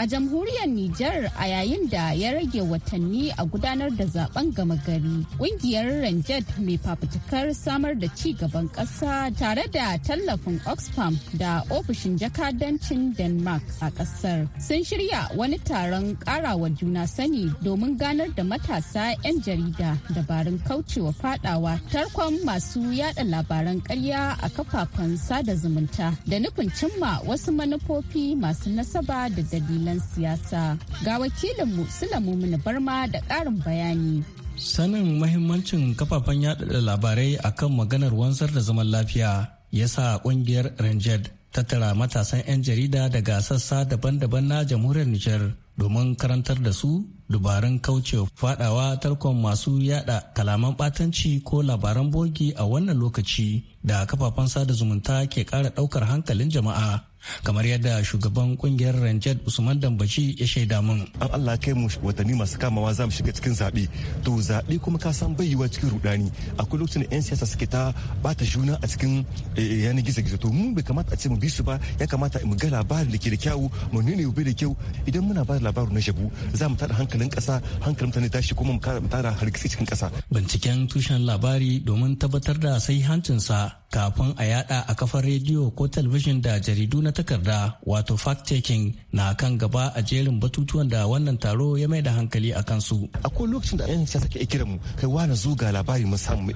a jamhuriyar Nijar a yayin da ya rage watanni a gudanar da zaben gama gari. Kungiyar ranjet mai fafutukar samar da ci gaban ƙasa tare da tallafin Oxfam da ofishin jakadancin Denmark a ƙasar sun shirya wani taron ƙarawa juna sani domin ganar da matasa 'yan jarida dabarun kaucewa fadawa tarkon masu yada labaran ƙarya a kafafen sada zumunta da nufin cimma wasu manufofi masu nasaba da dalilan dalilan siyasa. Ga wakilinmu Sulamu Mini Barma da ƙarin bayani. Sanin mahimmancin kafafen yaɗa labarai akan maganar wanzar da zaman lafiya ya sa ƙungiyar Ranger tara matasan 'yan jarida daga sassa daban-daban na jamhuriyar Nijar domin karantar da su dubarun kauce fadawa tarkon masu yada kalaman batanci ko labaran bogi a wannan lokaci da kafafen sada zumunta ke ƙara ɗaukar hankalin jama'a kamar yadda shugaban kungiyar rancet usman dambaci ya shaida min an allah kai mu watanni masu kamawa za mu shiga cikin zaɓe to zaɓe kuma ka san bai yiwa cikin rudani akwai lokacin da yan siyasa suke ta bata juna a cikin eh, eh, yanar gizo gizo to mu bai kamata a ce mu bi su ba ya kamata mu ga labarin da ke da kyawu mu nuna yau da kyau idan muna ba labarin na shabu za mu tada hankalin ƙasa hankalin mutane tashi kuma mu tara hargitsi cikin ƙasa binciken tushen labari domin tabbatar da sai hancinsa kafin a yada a kafar rediyo ko talabijin da jaridu na na takarda wato fact-checking na kan gaba a jerin batutuwan da wannan taro ya mai da hankali a kansu. Akwai lokacin da 'yan siyasa ke kira mu kai wani zo ga labari mu samu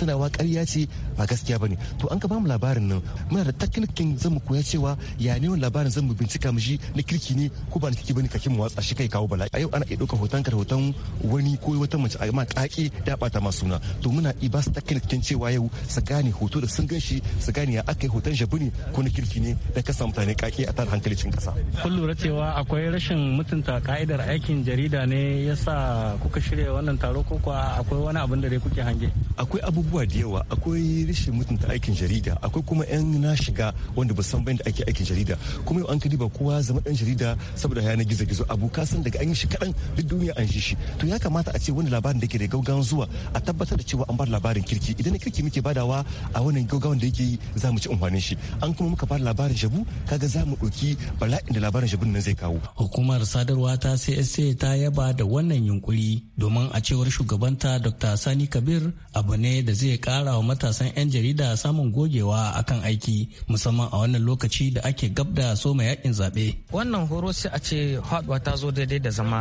tana wa ƙarya ce ba gaskiya bane to an ka mu labarin nan muna da zan zamu koya cewa ya ne labarin mu bincika mu shi na kirki ne ko ba na kirki bane mu watsa shi kai kawo bala'i. A yau ana iya hoton ka hoton wani ko wata mace a ma ƙaƙi da ɓata ma suna to muna iba su technical cewa yau su gane hoto da sun gan shi su gane ya aka yi hoton shabu ne ko na kirki ne da kasa mutane kaki a tada hankali kasa. Kun lura cewa akwai rashin mutunta ka'idar aikin jarida ne yasa kuka shirya wannan taro ko kuwa akwai wani abin da dai kuke hange? Akwai abubuwa da yawa akwai rashin mutunta aikin jarida akwai kuma 'yan na shiga wanda ba san da ake aikin jarida kuma yau an kadi ba kowa zama dan jarida saboda yana gizo-gizo abu ka san daga an yi shi kaɗan duk duniya an shi shi to ya kamata a ce wani labarin da ke da gaugawan zuwa a tabbatar da cewa an bar labarin kirki idan kirki muke badawa a wannan gaugawan da yake yi za mu ci amfanin shi an kuma muka bar labarin shabu kaga za mu ɗauki bala'in da labarin shabun nan zai kawo. Hukumar sadarwa ta CSA ta yaba da wannan yunkuri domin a cewar shugabanta Dr. Sani Kabir abu ne da zai kara wa matasan 'yan jarida samun gogewa akan aiki musamman a wannan lokaci da ake gab da soma yakin zaɓe. Wannan horo sai a ce haɗuwa ta zo daidai da zama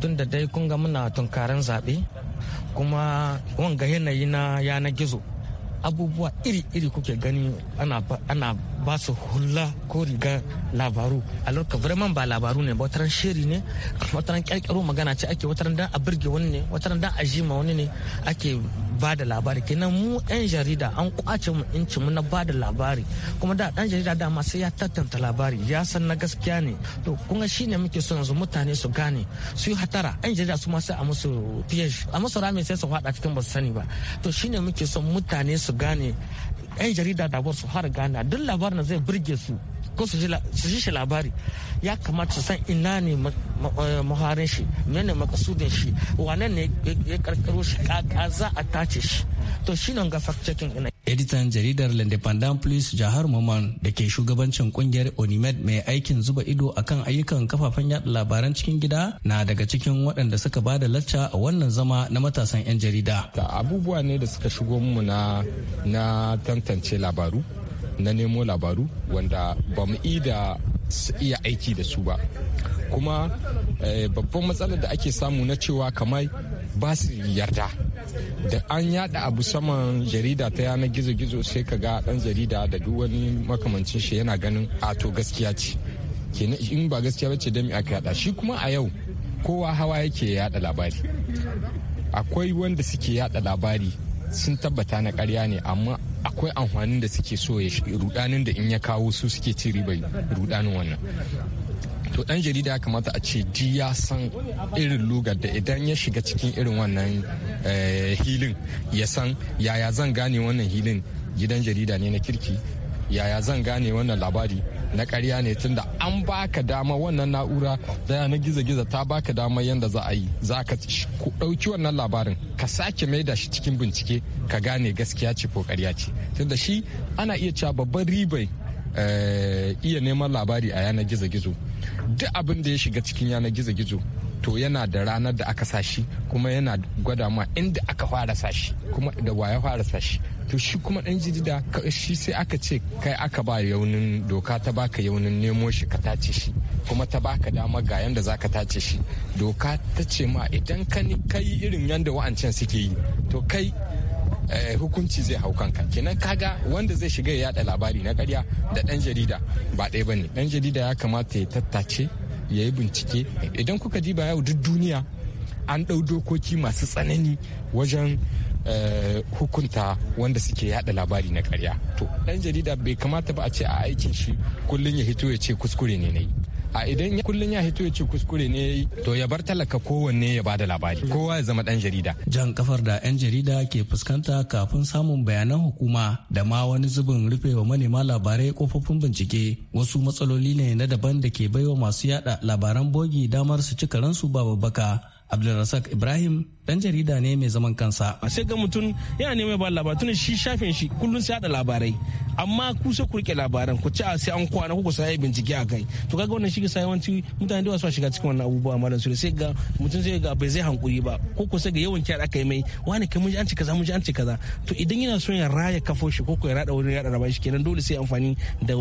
tun da dai kun ga muna tunkarin zaɓe kuma wanga yanayi na yanar gizo abubuwa iri-iri kuke gani ana ba su hula ko riga labaru a lokacin vraiment ba labaru ne ba ran shiri ne ran kyalkyaro magana ce ake ran dan a birge wani ne ran dan a jima wani ne ake ba da labari kenan mu yan jarida an kwace mu inci mu na ba da labari kuma da dan jarida ma sai ya tantanta labari ya san na gaskiya ne to kuma shine muke so yanzu mutane su gane su yi hatara yan jarida su ma sai a musu piyaj a musu rami sai su fada cikin ba su sani ba to shine muke son mutane su gane 'yan jarida da wasu har gana duk labarin da zai burge su ko su ji shi labari ya kamata su san ina ne eh, muharin shi mene makasudin shi wane ne ya karkaro shi kaka za a tace shi to shi nan ga fact checking ina editan jaridar l'independent plus jihar Moman da ke shugabancin kungiyar onimed mai aikin zuba ido akan ayyukan kafafen yada labaran cikin gida na daga cikin waɗanda suka bada lacca a wannan zama na matasan 'yan jarida abubuwa ne da suka shigo mu na tantance labaru na nemo labaru wanda ba mu da iya aiki da su ba kuma eh, babban matsalar da ake samu na cewa kamar ba su yarda da an yada abu saman jarida ta yanar gizo-gizo sai ka ga dan jarida da duk wani makamancin shi yana ganin ato gaskiya ce kenan in ba gaskiya bace ce dami aka yada shi kuma a yau kowa hawa yake yada labari akwai wanda suke yada labari sun tabbata na karya ne amma akwai amfanin da suke so ya rudanin da in ya kawo su suke ci riba rudanin wannan to dan jarida ya kamata a ce ji ya san irin lugar da idan ya shiga cikin irin wannan eh, hilin ya san yaya zan gane wannan hilin gidan jarida ne na kirki yaya zan gane wannan labari na karya ne tunda an baka dama wannan na'ura da na gizo-gizo ta baka dama yadda za a yi za ka ɗauki wannan labarin ka sake mai da shi cikin bincike ka gane gaskiya ce ko karya ce tunda shi ana iya cewa babban ribai Eh, iya neman labari a yanar gizo-gizo duk abin da ya shiga cikin yanar gizo-gizo to yana da ranar da aka sashi kuma yana gwada ma inda aka fara sashi kuma da waya fara sashi to shi kuma dan jidida shi sai aka ce kai aka ba yaunin doka ta baka yaunin nemo shi ka tace shi kuma ta baka dama ga yanda zaka tace shi doka ta ce ma idan ka kai irin yanda wa'ancan suke yi to kai Eh, hukunci zai hau kanka kenan kaga wanda zai shiga ya yada labari na karya da dan jarida ba ɗaya bane dan jarida ya kamata ya tattace ya yi bincike idan kuka ji ba yau duk duniya an ɗau dokoki masu tsanani wajen eh, hukunta wanda suke yada labari na karya to dan jarida bai kamata ba a ce a aikin shi kullum ya hito ya ce kuskure ne na yi a idan kullum ya hito ya ce kuskure ne to ya bar talaka kowanne ya bada labari kowa ya zama dan jarida jan kafar da yan jarida ke fuskanta kafin samun bayanan hukuma da ma wani zubin rufe wa manema labarai kofofin bincike wasu matsaloli ne na daban da ke baiwa masu yada labaran bogi damar su ci karansu ba babbaka abdulrasak ibrahim dan jarida ne mai zaman kansa sai ga mutum yana neman ba labarai tun shi shafin shi kullun sai hada labarai amma ku sai ku rike labaran ku ci a sai an kwana ku sai bincike a kai to kaga wannan shi sai yawanci mutane da suka shiga cikin wannan abubuwa malam sule sai ga mutum sai ga bai zai hankuri ba ko ku sai ga yawan kiyar aka yi mai wani kai mun ji an ci kaza mun ji an ci kaza to idan yana son ya raya kafo shi ko ya rada wurin rada rabai shi kenan dole sai amfani da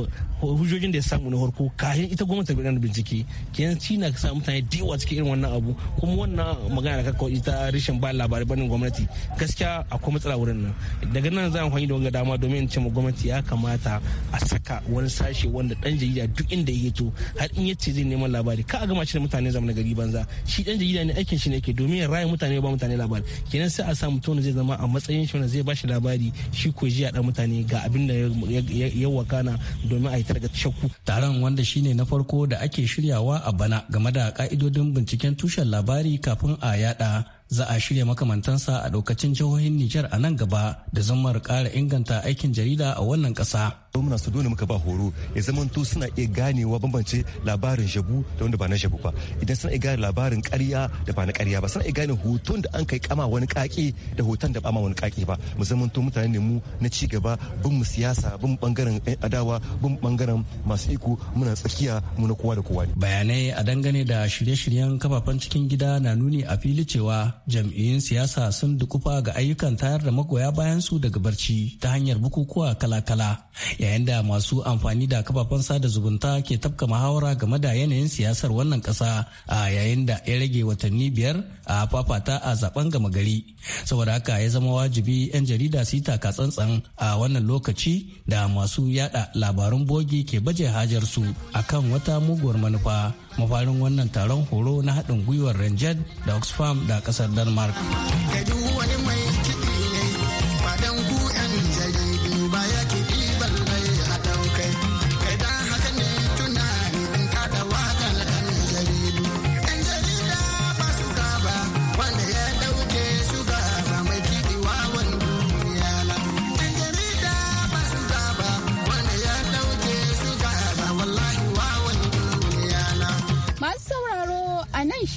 hujjojin da ya samu na farko kafin ita gwamnati ta bincike kenan shi na sa mutane da yawa cikin irin wannan abu kuma wannan magana da kakkawa ita rishin ba labarai banin gwamnati gaskiya akwai matsala wurin nan daga nan za mu hanyar da dama domin ce mu gwamnati ya kamata a saka wani sashe wanda dan jarida duk inda ya to har in yace zai neman labari ka a gama shi da mutane zama gari banza shi dan jarida ne aikin shi ne ke domin rayu mutane ba mutane labari kenan sai a sa mutum zai zama a matsayin shi wanda zai bashi labari shi ko ji da mutane ga abin da ya wakana domin a yi targa shakku taron wanda shine na farko da ake shiryawa a bana game da ka'idodin binciken tushen labari kafin a yada za a shirya makamantansa a ɗaukacin jihohin Nijar a nan gaba da zamar ƙara inganta aikin jarida a wannan ƙasa. muna su dole muka ba horo ya zama to suna iya ganewa bambance labarin shabu da wanda ba na shabu ba idan suna iya gane labarin ƙarya da ba na ƙarya ba suna iya gane hoton da an kai kama wani kaki da hoton da ba wani kaki ba mu zama to mutane ne mu na ci gaba bin mu siyasa bin bangaren adawa bin bangaren masu iko muna tsakiya mu na kowa da kowa ne bayanai a dangane da shirye-shiryen kafafen cikin gida na nuni a fili cewa jam'iyyun siyasa sun dukufa ga ayyukan tayar da magoya bayan su daga barci ta hanyar bukukuwa kala-kala yayin da masu amfani da kafafen sada zumunta ke tafka muhawara game da yanayin siyasar wannan kasa a yayin da ya rage watanni biyar a fafata a zaben gama gari saboda haka ya zama wajibi 'yan jarida su yi taka tsantsan a wannan lokaci da masu yada labarun bogi ke baje hajar su akan wata muguwar manufa mafarin wannan taron horo na haɗin gwiwar ranger da oxfam da ƙasar denmark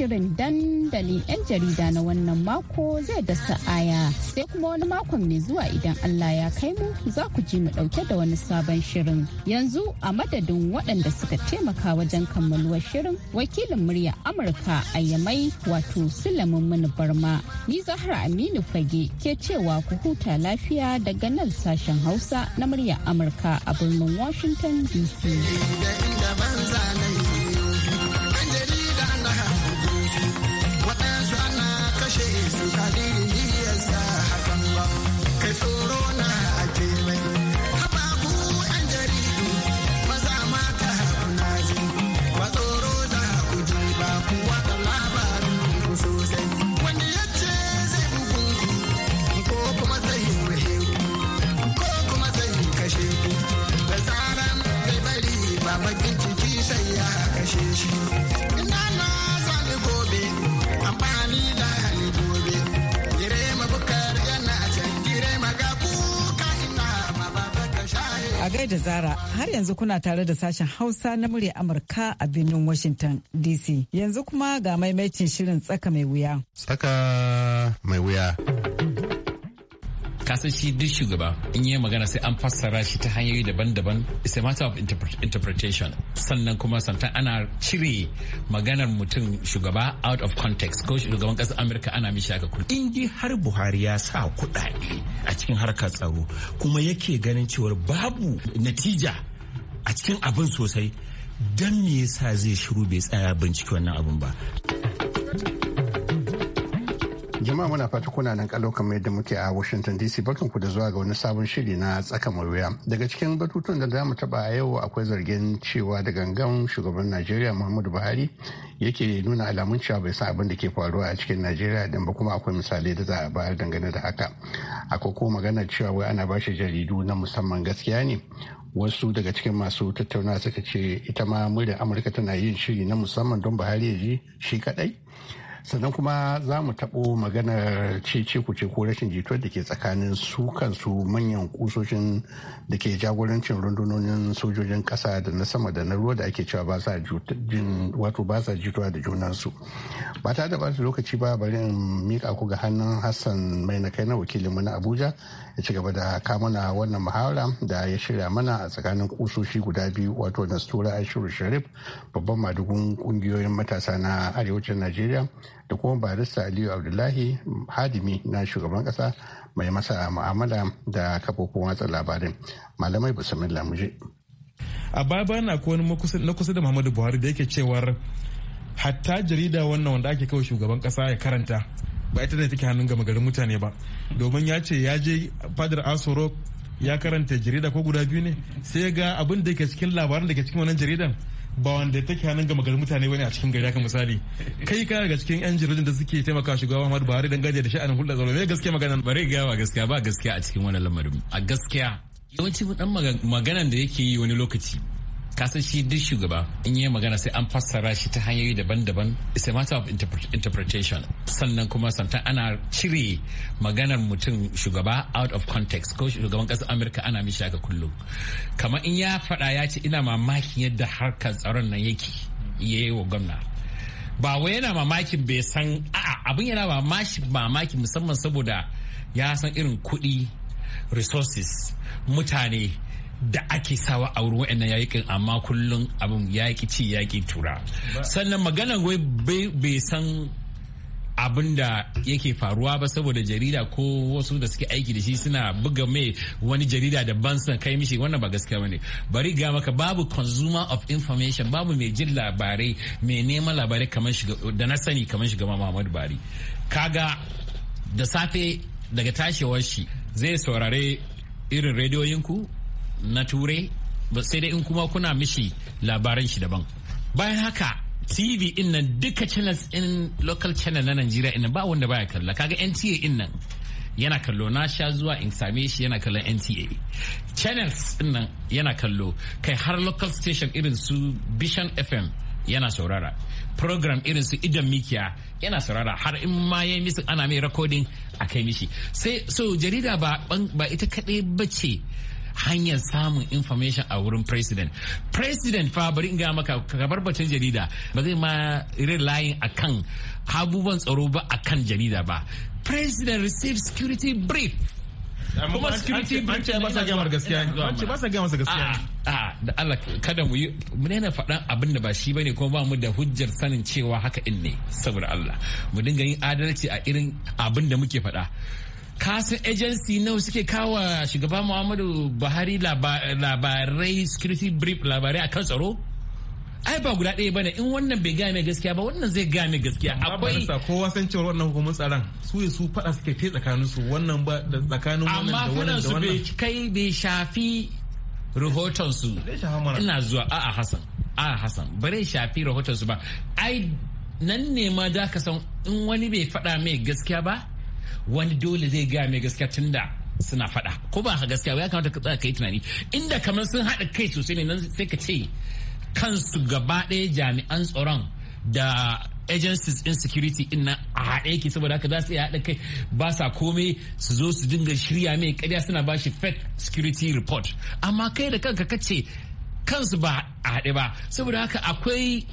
shirin dandalin 'yan jarida na wannan mako zai da sa'aya sai kuma wani makon mai zuwa idan Allah ya kai mu za ku ji mu dauke da wani sabon shirin yanzu a madadin waɗanda suka taimaka wajen kammaluwar shirin wakilin murya Amurka a Yamai wato Sulamin Mini Barma ni Zahra Aminu Fage ke cewa ku huta lafiya daga nan sashen Hausa na murya Amurka a birnin Washington DC. yanzu kuna tare da sashen Hausa na murya Amurka a birnin Washington DC. Yanzu kuma ga maimacin shirin tsaka mai wuya. Tsaka mai wuya. kasan shi duk shugaba in yi magana sai an fassara shi ta hanyoyi daban-daban it's a matter of interpretation sannan kuma santan ana cire maganar mutum shugaba out of context ko shugaban kasar amurka ana mishi haka kullum in ji har buhari ya sa kuɗaɗe a cikin harkar tsaro kuma yake ganin cewar babu natija a cikin abin sosai don me ya sa zai shiru bai tsaya bincike wannan abin ba jama'a muna fata kuna nan kalokan kamar da muke a washington dc ku da zuwa ga wani sabon shiri na tsaka wuya daga cikin batutun da zamu taba a yau akwai zargin cewa da gangan shugaban najeriya muhammadu buhari yake nuna alamun cewa bai san abin da ke faruwa a cikin najeriya din ba kuma akwai misalai da za a bayar dangane da haka akwai ko magana cewa wai ana bashi jaridu na musamman gaskiya ne wasu daga cikin masu tattauna suka ce ita ma muryar amurka tana yin shiri na musamman don buhari ya ji shi kadai sannan kuma za mu taɓo maganar cece ce ko rashin jituwar da ke tsakanin su kansu manyan kusoshin da ke jagorancin rundunonin sojojin ƙasa da na sama da na ruwa da ake cewa ba sa jituwa da junansu ba ta da bata lokaci ba bari in mika ku ga hannun hassan mai na kai na wakilinmu na abuja ya ci gaba da kamuna wannan muhawara da ya shirya mana a tsakanin kusoshi guda biyu wato nastura ashiru sharif babban madugun kungiyoyin matasa na arewacin najeriya da kuma barista aliyu abdullahi hadimi na shugaban kasa mai masa mu'amala da kafofin watsa labarin malamai bismillah muje a baya bayan na wani na kusa da muhammadu buhari da yake cewar hatta jarida wannan wanda ake kawai shugaban kasa ya karanta ba ita da take hannun gama garin mutane ba domin ya ce ya je fadar asoro ya karanta jarida ko guda biyu ne sai ga abin da ke cikin labaran da ke cikin wannan jaridan ba wanda take hannun gama garin mutane wani a cikin gari haka misali kai ka daga cikin yan jirgin da suke taimaka shugaba Muhammadu Buhari dangane da sha'anin hulɗar tsaro ne gaskiya Ba bari ga ba gaskiya ba gaskiya a cikin wannan lamarin a gaskiya yawanci dan maganan da yake yi wani lokaci kasan shi duk shugaba in yi magana sai an fassara shi ta hanyoyi daban-daban it's a matter of interpretation sannan kuma sometimes ana cire maganar mutum shugaba out of context ko shugaban kasar amurka ana mishi haka kullum kamar in ya faɗa ya ce ina mamakin yadda harkar tsaron nan yake ya yi wa gwamna ba wai yana mamakin bai san a'a abin yana mamaki musamman saboda ya san irin kuɗi resources mutane da ake sawa a wurin wa'annan yaƙin amma kullum abin yaƙi ci yaƙi tura sannan maganar wai bai san abin da yake faruwa ba saboda jarida ko wasu da suke aiki da shi suna buga mai wani jarida ban suna kai mishi wannan ba gaskiya bane bari ga maka babu consumer of information babu mai jin labarai mai neman labarai kamar shiga da na sani kamar shiga Muhammadu Bari kaga da safe daga tashewar shi zai saurare irin rediyoyinku na ture sai dai in kuma kuna mishi labaran shi daban bayan haka tv in nan duka channels in local channel na najeriya in ba wanda baya kalla kaga nta in nan yana kallo na sha zuwa in same shi yana kallon nta channels in nan yana kallo kai har local station irin su bishan fm yana saurara program irin su idan mikiya yana saurara har in ma ya misu ana mai recording a kai mishi sai so jarida ba ita kaɗai bace hanyar samun information a wurin president president fa bari in ga maka ka bar batun jarida ba zai ma relying akan abubuwan tsaro ba akan jarida ba president receive security brief kuma security breach ba sa gaya gaskiya ne ba sa gaya masa gaskiya a da Allah kada mu yi mu na faɗan abin da ba shi bane kuma ba mu da hujjar sanin cewa haka in ne saboda Allah mu dinga yin adalci a irin abin da muke faɗa kasan agency nawa suke kawo shugaba muhammadu buhari labarai security brief labarai a kan tsaro ai ba guda ɗaya bane in wannan bai gane gaskiya ba wannan zai gane gaskiya akwai ba ko wasan cewa wannan hukumar tsaron su su fada suke te tsakanin su wannan ba da tsakanin wannan da wannan amma wannan amma kai bai shafi rahoton su ina zuwa a'a hasan a'a hasan bare shafi rahoton su ba ai nan ne ma da ka san in wani bai fada mai gaskiya ba wani dole zai gaya mai gaskiya da suna faɗa ko ba gaskiya ya kamata ka tsaya ka yi tunani inda kamar sun haɗa kai sosai ne nan sai ka ce kansu gaba ɗaya jami'an tsaron da agencies in security in na a haɗe yake saboda haka za su iya haɗa kai ba sa komai su zo su dinga shirya mai ƙarya suna ba shi fake security report amma kai da kanka ka ce kansu ba a haɗe ba saboda haka akwai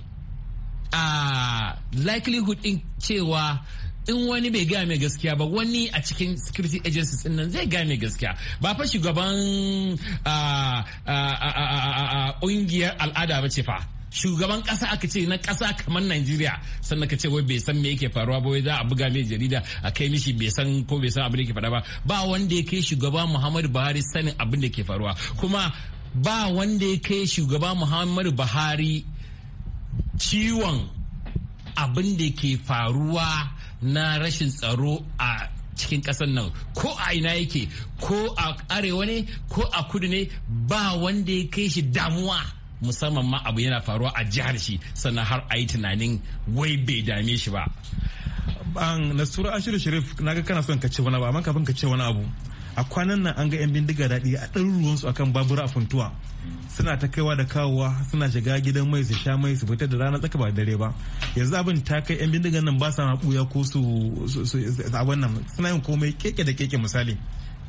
a ah, likelihood in cewa in wani bai gaya mai gaskiya ba wani a cikin security agencies din nan zai gaya mai gaskiya ba fa shugaban ah, ah, ah, ƙungiyar al'ada ba ce fa shugaban kasa aka ce na kasa kamar Najeriya sannan ka ce wai bai san me yake faruwa ba wai za a buga mai jarida a kai mishi bai san ko bai san abin da yake faruwa ba ba wanda ya kai shugaba Muhammadu Buhari sanin abin da ke faruwa kuma ba wanda ya kai shugaba Muhammadu Buhari ciwon abin da ke faruwa na rashin tsaro a cikin ƙasar nan ko a ina yake ko a arewa ne ko a kudu ne ba wanda ya kai shi damuwa musamman ma abu yana faruwa a jihar shi sannan har a yi tunanin wai bai dame shi ba. na sura ashiru sharif na ga kana son ka ce wani abu amma kafin ka ce wani abu a kwanan nan an ga 'yan bindiga daɗi a su akan babura a funtuwa suna ta kaiwa da kawowa suna shiga gidan mai su sha mai su fita da rana tsaka ba dare ba yanzu abin ta kai 'yan bindigan nan ba sa ma ɓuya ko su abin nan suna yin komai keke da keke misali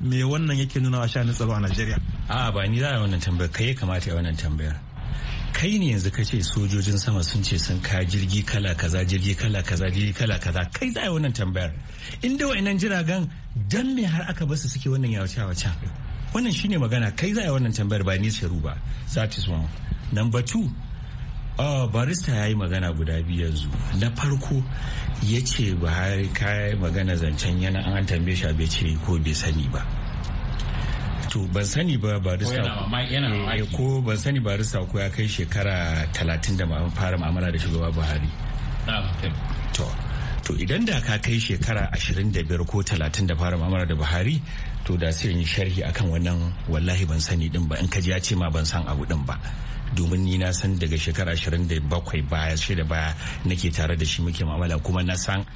me wannan yake nuna wa sha tsaro a najeriya a ba ni za a wannan tambayar kai ya kamata a wannan tambayar kai ne yanzu ka ce sojojin sama sun ce sun ka jirgi kala kaza jirgi kala kaza jirgi kala kaza kai za a wannan tambayar inda wa'annan jiragen dan me har aka basu suke wannan yawace yawace wannan shine magana kai za a wannan tambayar ba ni sai ba that is one number two Oh, barista ya yi magana guda biyu yanzu na farko ya ce ba kai magana zancen yana an tambaye shi a bai ce ko bai sani ba to ban sani ba eh, ko ban sani ba barista ko ya kai shekara talatin da fara ma'amala da shugaba buhari to to idan da ka kai shekara ashirin da biyar ko talatin da fara ma'amala da buhari to da sai yi sharhi akan wannan wallahi ban sani din ba in ka ji ya ce ma ban san abu din ba domin ni na san daga shekara ashirin da bakwai baya da baya nake tare da shi muke ma'amala kuma na san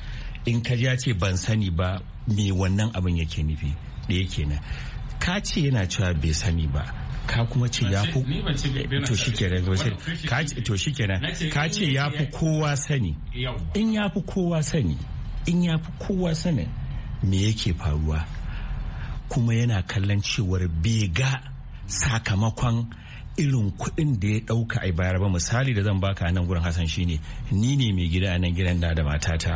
in ka ji ya ce ban sani ba me wannan abin yake nufi da yake nan. ka ce yana cewa bai sani ba ka kuma ce ya fi to shikenan to shikenan ka ce ya fi kowa sani in ya fi kowa sani in ya fi kowa sani me yake faruwa kuma yana kallon cewar bai ga sakamakon irin kuɗin da ya ɗauka a bayar ba misali da zan baka a nan gurin hasan shine ni ne mai gida a nan gidan da da matata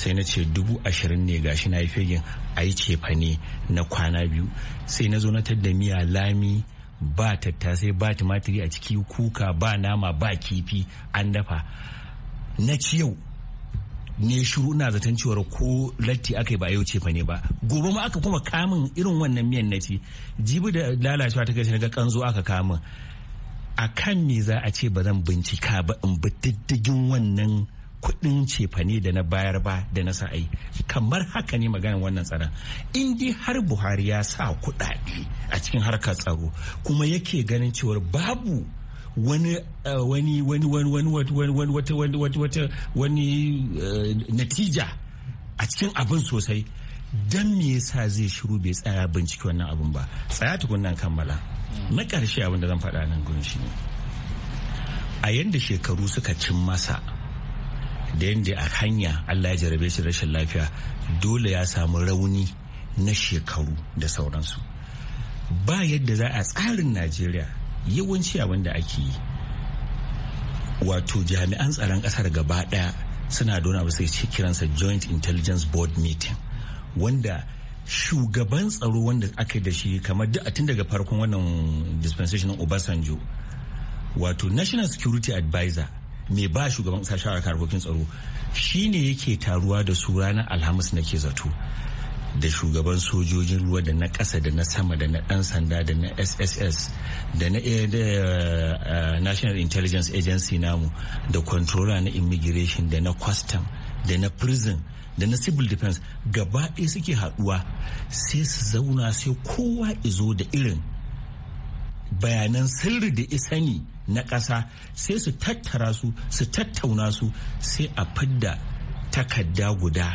sai na ce dubu ashirin ne gashi na yi fegin a yi cefane na kwana biyu sai na zo na tadda miya lami ba tattasai ba tumatiri a ciki kuka ba nama ba kifi an dafa na ci yau ne shiru na zaton cewar ko latti aka yi ba yau cefa ne ba gobe ma aka kuma kamun irin wannan miyan na ci jibi da lalacewa ta gaishe na ga kanzo aka kamun a kan me za a ce ba zan bincika ba in bi diddigin wannan kudin cefane da na bayar ba da na sa'ai kamar haka ne maganar wannan tsaron in dai har buhari ya sa kudade a cikin harkar tsaro kuma yake ganin cewar babu wani eh, wani wani wani wani wani wata wani wata wani eh, natija a cikin abin sosai Dan me yasa zai shiru bai tsaya bincike wannan abin ba tsaya tukunnan kammala na ƙarshe abin zan faɗa nan gurin shi ne a yadda shekaru suka cin masa da yadda a hanya allah ya jarabe shi rashin lafiya dole ya samu rauni na shekaru da sauransu ba yadda za a tsarin najeriya yawanci abinda ake yi wato jami'an tsaron ƙasar gaba ɗaya suna dona ba abu sai kiransa joint intelligence board meeting wanda shugaban tsaro wanda aka da shi kamar duk a tun daga farkon wannan dispensation obasanjo wato national security advisor mai ba shugaban kasa shawara harkokin tsaro ne yake taruwa da su ranar alhamis na ke zato da shugaban sojojin ruwa da na ƙasa da na sama da na ɗan sanda da na sss da na eh, eh, national intelligence agency namu da controller na immigration da na custom da na prison da na civil defense gaba ɗaya suke haɗuwa sai su zauna sai kowa izo da irin bayanan sirri da isani na ƙasa sai su tattara su su tattauna su sai a fidda takarda guda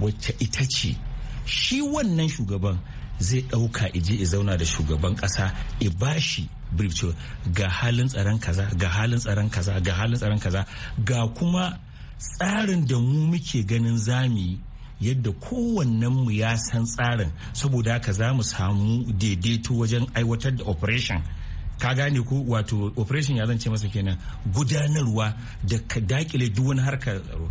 wacce ita ce shi wannan shugaban zai ɗauka ije ya zauna da shugaban ƙasa ya bashi brief ga halin tsaron kaza ga halin tsaron kaza ga halin tsaron kaza ga kuma tsarin da mu muke ganin zami yadda kowannenmu ya san tsarin saboda haka za mu samu daidaito wajen aiwatar da operation ka gane ko wato operation ya zance masa kenan gudanarwa da ka dakile duk harkar tsaro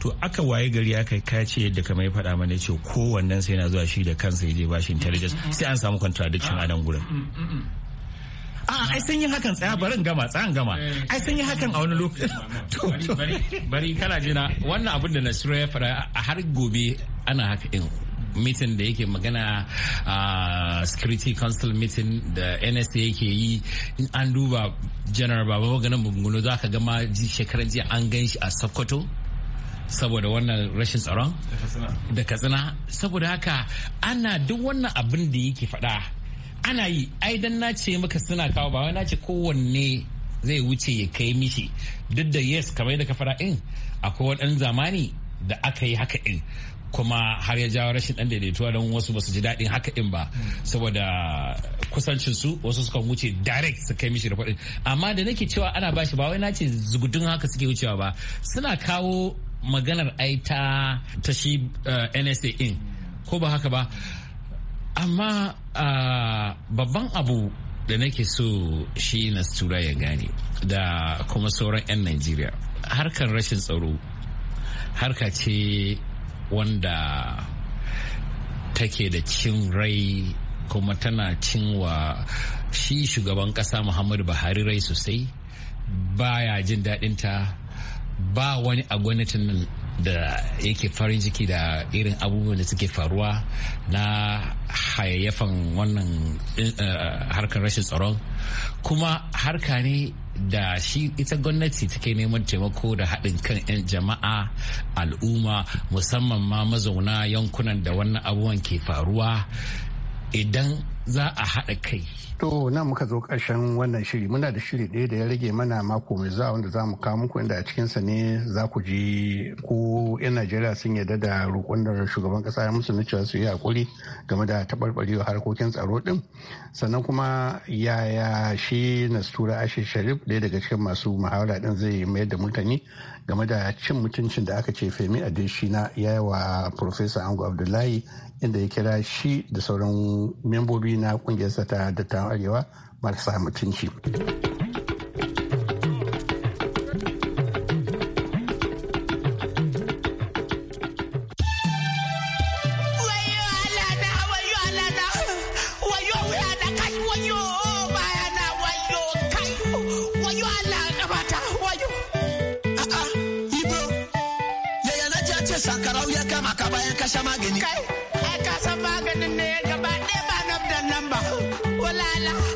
to aka waye gari aka ka ce yadda ka ya faɗa mana ce kowannen sai na zuwa shi da kansa ya je bashi intelligence sai an samu contradiction a nan gurin mm, mm, mm, a ai sun yi hakan tsaya barin gama tsayan gama eh. ai sun yi hakan a wani lokaci bari kana jina wannan abin da nasiru ya fara a har gobe ana haka in mitin da yake magana a security council meeting da nsa yake yi in an duba general baba maganin bungunu za ka gama shekarar jiya an gan shi a sokoto saboda wannan rashin tsaron da katsina saboda haka ana duk wannan abin da yake faɗa ana yi ai dan na ce maka suna kawo ba wai na ce kowanne zai wuce ya kai mishi duk da yes kamar da ka fara in akwai wani zamani da aka yi haka in kuma har ya jawo rashin dan daidaituwa don wasu basu ji daɗin haka in ba saboda kusancin su wasu suka wuce direct su kai mishi faɗin amma da nake cewa ana bashi ba wai na ce zugudun haka suke wucewa ba suna kawo maganar aita ta shi eh, nsa in ko ba haka ba amma babban abu da nake so shi na tura ya gane da kuma sauran 'yan najeriya harkar rashin tsaro harka ce wanda take da cin rai kuma tana cin wa shi shugaban kasa muhammadu buhari rai sosai baya jin daɗinta ba wani a gwamnatin nan da yake farin ciki da irin abubuwan da suke faruwa na hayayyafan wannan eh, harkar rashin tsaron kuma harka ne da shi ita gwamnati take neman taimako da haɗin kan 'yan jama'a al'umma musamman ma mazauna yankunan da wannan abubuwan ke faruwa idan za a haɗa kai. To nan muka zo ƙarshen wannan shiri muna da shiri ɗaya da ya rage mana mako mai zuwa wanda za mu kawo muku inda a cikinsa ne za ku ji ko 'yan Najeriya sun yarda da roƙon shugaban ƙasa ya musu cewa su yi hakuri game da taɓarɓarewa harkokin tsaro ɗin sannan kuma yaya shi Nastura Ashe Sharif ɗaya daga cikin masu muhawara ɗin zai mayar da mutane game da cin mutuncin da aka ce Femi Adeshina ya yi wa Profesa Ango Abdullahi inda ya kira shi da sauran membobi na kungiyarsa ta dattawan arewa marasa mutunci. sankarau ya kama-kama kashe magani. la.